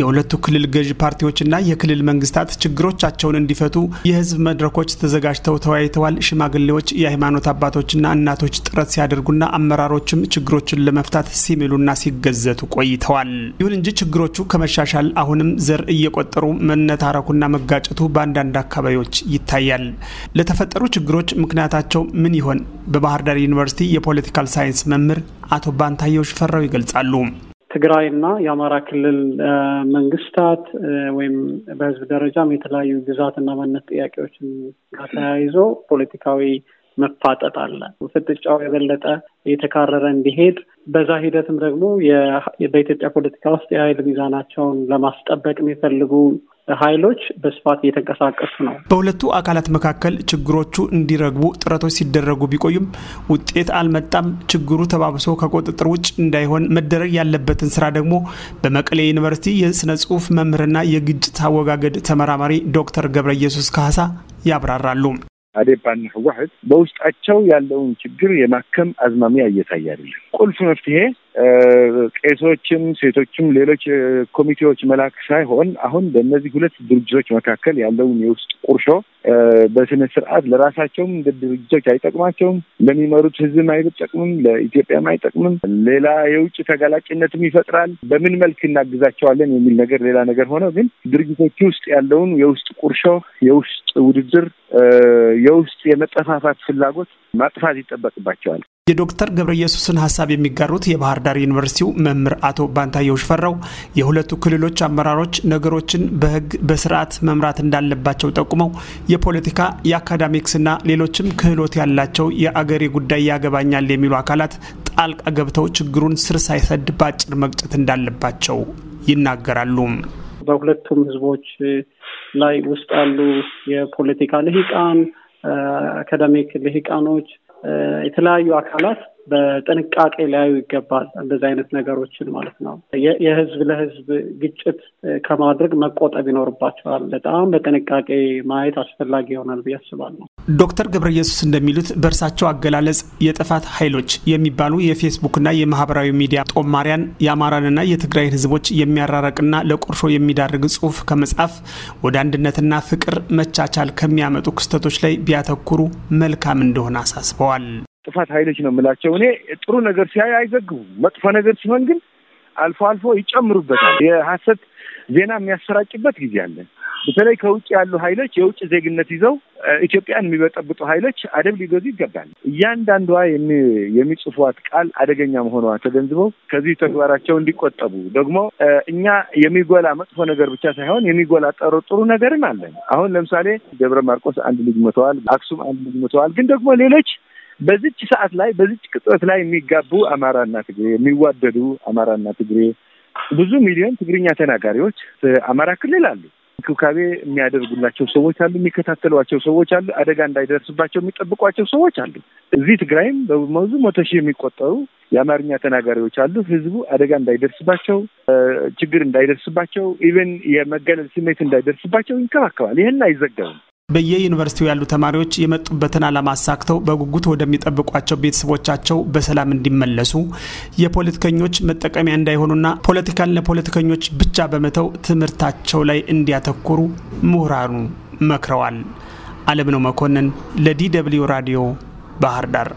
የሁለቱ ክልል ገዢ ፓርቲዎችና የክልል መንግስታት ችግሮቻቸውን እንዲፈቱ የህዝብ መድረኮች ተዘጋጅተው ተወያይተዋል። ሽማግሌዎች፣ የሃይማኖት አባቶችና እናቶች ጥረት ሲያደርጉና አመራሮችም ችግሮችን ለመፍታት ሲምሉና ሲገዘቱ ቆይተዋል። ይሁን እንጂ ችግሮቹ ከመሻሻል አሁንም ዘር እየቆጠሩ መነታረኩና መጋጨቱ በአንዳንድ አካባቢዎች ይታያል። ለተፈጠሩ ችግሮች ምክንያታቸው ምን ይሆን? በባህር ዳር ዩኒቨርሲቲ የፖለቲካል ሳይንስ መምህር አቶ ባንታየው ሽፈራው ይገልጻሉ። ትግራይና የአማራ ክልል መንግስታት ወይም በህዝብ ደረጃም የተለያዩ ግዛትና ማንነት ጥያቄዎችን ተያይዞ ፖለቲካዊ መፋጠጥ አለ። ፍጥጫው የበለጠ የተካረረ እንዲሄድ በዛ ሂደትም ደግሞ በኢትዮጵያ ፖለቲካ ውስጥ የኃይል ሚዛናቸውን ለማስጠበቅ የሚፈልጉ ኃይሎች በስፋት እየተንቀሳቀሱ ነው። በሁለቱ አካላት መካከል ችግሮቹ እንዲረግቡ ጥረቶች ሲደረጉ ቢቆዩም ውጤት አልመጣም። ችግሩ ተባብሶ ከቁጥጥር ውጭ እንዳይሆን መደረግ ያለበትን ስራ ደግሞ በመቀሌ ዩኒቨርሲቲ የስነ ጽሁፍ መምህርና የግጭት አወጋገድ ተመራማሪ ዶክተር ገብረ ኢየሱስ ካሳ ያብራራሉ። አዴፓና ህወሀት በውስጣቸው ያለውን ችግር የማከም አዝማሚያ እየታየ አይደለም። ቁልፍ መፍትሄ ቄሶችም፣ ሴቶችም፣ ሌሎች ኮሚቴዎች መላክ ሳይሆን አሁን በእነዚህ ሁለት ድርጅቶች መካከል ያለውን የውስጥ ቁርሾ በስነ ስርዓት ለራሳቸውም ድርጅቶች አይጠቅማቸውም፣ ለሚመሩት ህዝብም አይጠቅምም፣ ለኢትዮጵያም አይጠቅምም። ሌላ የውጭ ተጋላጭነትም ይፈጥራል። በምን መልክ እናግዛቸዋለን የሚል ነገር ሌላ ነገር ሆነው ግን ድርጅቶች ውስጥ ያለውን የውስጥ ቁርሾ፣ የውስጥ ውድድር፣ የውስጥ የመጠፋፋት ፍላጎት ማጥፋት ይጠበቅባቸዋል። የዶክተር ገብረ ኢየሱስን ሀሳብ የሚጋሩት የባህር ዳር ዩኒቨርሲቲው መምህር አቶ ባንታየው ሽፈራው የሁለቱ ክልሎች አመራሮች ነገሮችን በህግ በስርዓት መምራት እንዳለባቸው ጠቁመው የፖለቲካ የአካዳሚክስና ሌሎችም ክህሎት ያላቸው የአገሬ ጉዳይ ያገባኛል የሚሉ አካላት ጣልቃ ገብተው ችግሩን ስር ሳይሰድ በአጭር መቅጨት እንዳለባቸው ይናገራሉ። በሁለቱም ህዝቦች ላይ ውስጥ ያሉ የፖለቲካ ልሂቃን አካዳሚክ ልሂቃኖች የተለያዩ አካላት በጥንቃቄ ሊያዩ ይገባል። እንደዚህ አይነት ነገሮችን ማለት ነው። የህዝብ ለህዝብ ግጭት ከማድረግ መቆጠብ ይኖርባቸዋል። በጣም በጥንቃቄ ማየት አስፈላጊ ይሆናል ብዬ አስባለሁ። ዶክተር ገብረ ኢየሱስ እንደሚሉት በእርሳቸው አገላለጽ የጥፋት ኃይሎች የሚባሉ የፌስቡክና የማህበራዊ ሚዲያ ጦማሪያን የአማራንና የትግራይን ህዝቦች የሚያራረቅና ለቁርሾ የሚዳርግ ጽሁፍ ከመጻፍ ወደ አንድነትና ፍቅር መቻቻል ከሚያመጡ ክስተቶች ላይ ቢያተኩሩ መልካም እንደሆነ አሳስበዋል። ጥፋት ኃይሎች ነው የምላቸው እኔ። ጥሩ ነገር ሲያዩ አይዘግቡም። መጥፎ ነገር ሲሆን ግን አልፎ አልፎ ይጨምሩበታል። የሀሰት ዜና የሚያሰራጭበት ጊዜ አለ። በተለይ ከውጭ ያሉ ኃይሎች የውጭ ዜግነት ይዘው ኢትዮጵያን የሚበጠብጡ ኃይሎች አደብ ሊገዙ ይገባል። እያንዳንዷ የሚጽፏት ቃል አደገኛ መሆኗ ተገንዝበው ከዚህ ተግባራቸው እንዲቆጠቡ ደግሞ እኛ የሚጎላ መጥፎ ነገር ብቻ ሳይሆን የሚጎላ ጠሮ ጥሩ ነገርም አለን። አሁን ለምሳሌ ደብረ ማርቆስ አንድ ልጅ ሞተዋል፣ አክሱም አንድ ልጅ ሞተዋል። ግን ደግሞ ሌሎች በዚች ሰዓት ላይ በዚች ቅጽበት ላይ የሚጋቡ አማራና ትግሬ የሚዋደዱ አማራና ትግሬ ብዙ ሚሊዮን ትግርኛ ተናጋሪዎች አማራ ክልል አሉ። እንክብካቤ የሚያደርጉላቸው ሰዎች አሉ፣ የሚከታተሏቸው ሰዎች አሉ፣ አደጋ እንዳይደርስባቸው የሚጠብቋቸው ሰዎች አሉ። እዚህ ትግራይም በብዙ መቶ ሺህ የሚቆጠሩ የአማርኛ ተናጋሪዎች አሉ። ህዝቡ አደጋ እንዳይደርስባቸው፣ ችግር እንዳይደርስባቸው፣ ኢቨን የመገለል ስሜት እንዳይደርስባቸው ይንከባከባል። ይህን አይዘገብም። በየዩኒቨርሲቲው ያሉ ተማሪዎች የመጡበትን ዓላማ አሳክተው በጉጉት ወደሚጠብቋቸው ቤተሰቦቻቸው በሰላም እንዲመለሱ የፖለቲከኞች መጠቀሚያ እንዳይሆኑና ፖለቲካን ለፖለቲከኞች ብቻ በመተው ትምህርታቸው ላይ እንዲያተኩሩ ምሁራኑ መክረዋል። አለምነው መኮንን ለዲ ደብልዩ ራዲዮ ባህር ዳር